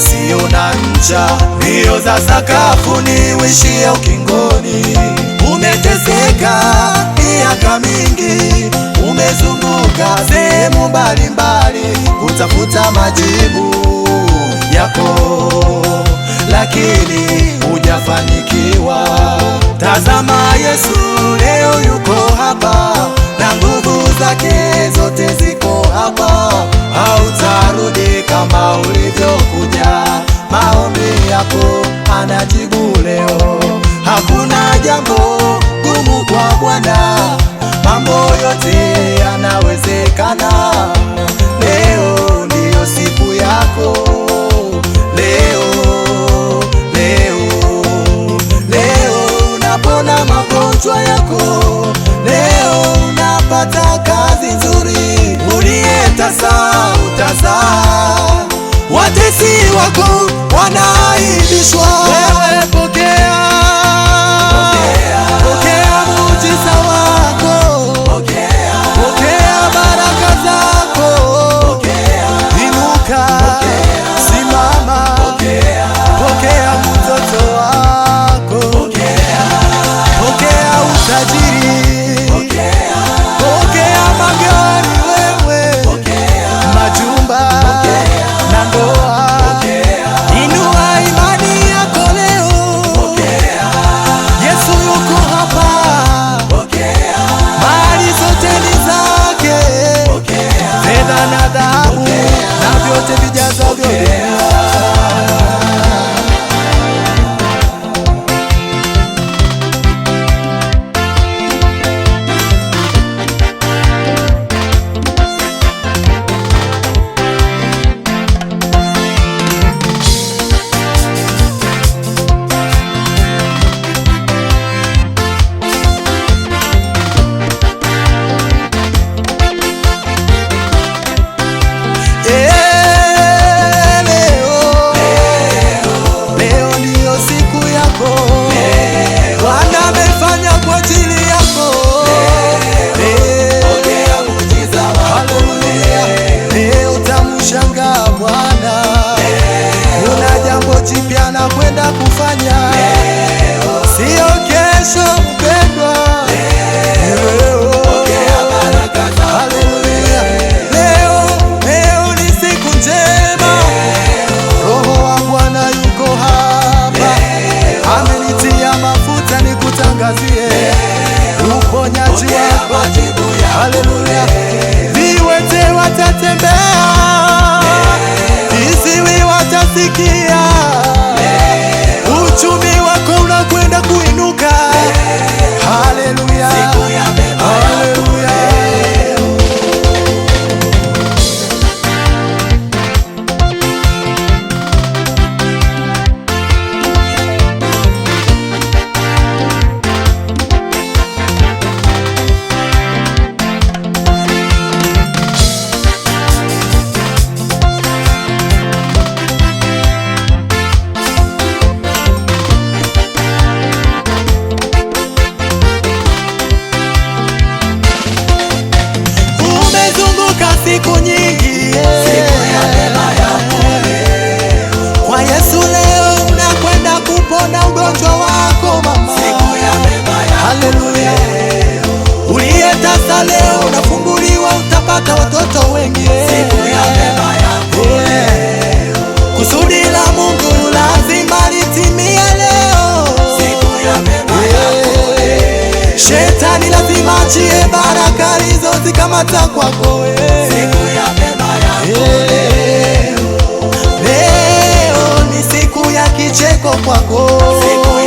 yasiyo na ncha, mbio za sakafu wishi wishia ukingoni. Umeteseka miaka mingi, umezunguka sehemu mbalimbali kutafuta majibu yako, lakini hujafanikiwa. Tazama Yesu leo yuko ana jibu leo. Hakuna jambo gumu kwa Bwana, mambo yote yanawezekana. Leo ndiyo siku yako, leo leo leo unapona magonjwa yako, leo unapata kazi nzuri, uliyetasa utazaa watesi wako wana Baby suave. nakwenda kufanya leo, sio kesho mpendwa, ni siku njema, roho wa Bwana yuko hapa, mafuta viwete watatembea, viziwi watasikia hata leo unafunguliwa, utapata watoto wengi. Siku ya leo, kusudi la Mungu lazima leo. Siku ya neema shetani lazima achie baraka alizozikamata kwako Siku ya leo ni siku ya kicheko kwako.